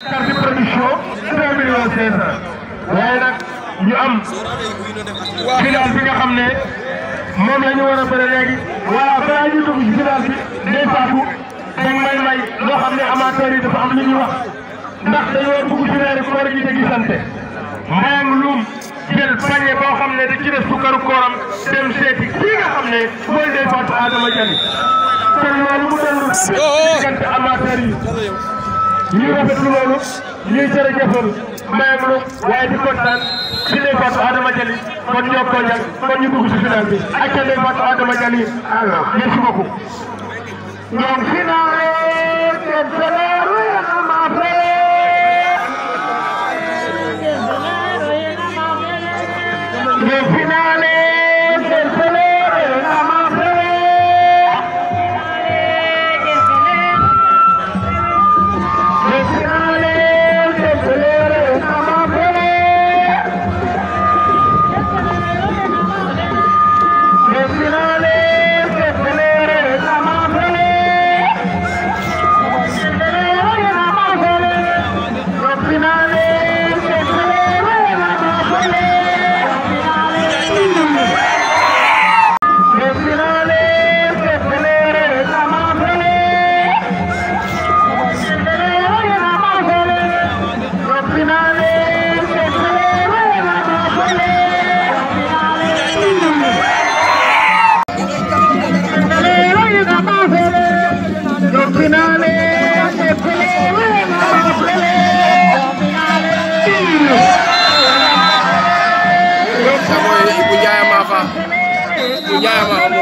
carte production trois millions cinq cent waaye nag ñu am final bi nga xam ne moom la ñu war a bëre léegi waaw balaa ñuy dugg ci final bi day faatu dañ may may loo xam ne amateur yi dafa am lu ñuy wax ndax dañoo dugg ci weeru koor gi te gisante mbayang luum jël panier boo xam ne da ci des sukkaru kooram dem seeti kii nga xam ne mooy day faatu Adama Diané kon loolu mu dellu ñu rafetlu loolu ñuy jërëjëfal mayam lu waaye di kontaan ci les votes Adama Dialli kon ñoo ko jàng kon ñu dugg ci final bi ak les votes Adama Dialli alors merci beaucoup ñoom final seen salaire yéen a ma fële les finales mooy Ibou Ndiaye Amafa Ibou Ndiaye Amafa